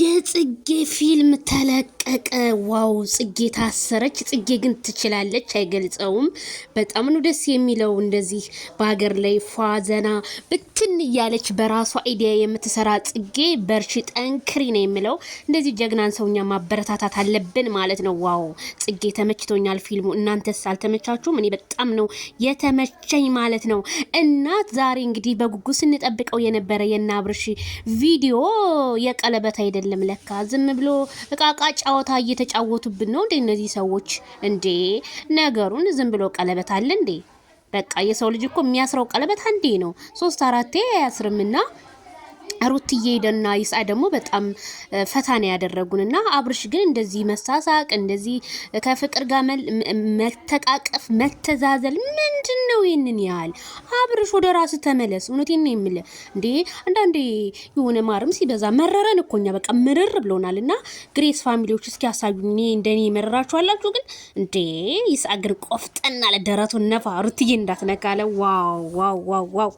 የጽጌ ፊልም ተለቀቀ። ዋው! ጽጌ ታሰረች። ጽጌ ግን ትችላለች፣ አይገልጸውም። በጣም ነው ደስ የሚለው እንደዚህ በሀገር ላይ ፏ ዘና ብትን እያለች በራሷ አይዲያ የምትሰራ ጽጌ በርቺ፣ ጠንክሪ ነው የሚለው። እንደዚህ ጀግናን ሰውኛ ማበረታታት አለብን ማለት ነው። ዋው! ጽጌ ተመችቶኛል ፊልሙ። እናንተስ አልተመቻችሁም? እኔ በጣም ነው የተመቸኝ ማለት ነው። እና ዛሬ እንግዲህ በጉጉት ስንጠብቀው የነበረ የእነ ቪዲዮ የቀለበ ተረት አይደለም ለካ። ዝም ብሎ እቃቃ ጫወታ እየተጫወቱብን ነው እንዴ እነዚህ ሰዎች? እንዴ ነገሩን ዝም ብሎ ቀለበት አለ እንዴ? በቃ የሰው ልጅ እኮ የሚያስረው ቀለበት አንዴ ነው፣ ሶስት አራቴ አያስርምና ሩትዬ ደና ይስአ ደግሞ በጣም ፈታን ያደረጉን እና አብርሽ ግን እንደዚህ መሳሳቅ እንደዚህ ከፍቅር ጋር መተቃቀፍ መተዛዘል ምንድን ነው? ይህንን ያህል አብርሽ ወደ ራስ ተመለስ። እውነት ነው የምልህ እንዴ አንዳንዴ የሆነ ማርም ሲበዛ መረረን እኮኛ በቃ ምርር ብሎናል። እና ግሬስ ፋሚሊዎች እስኪ ያሳዩ እኔ እንደኔ የመረራችሁ አላችሁ ግን እንዴ ይስአ ግን ቆፍጠና አለ ነፋ ሩትዬ እንዳትነካለ ዋው ዋው ዋው ዋው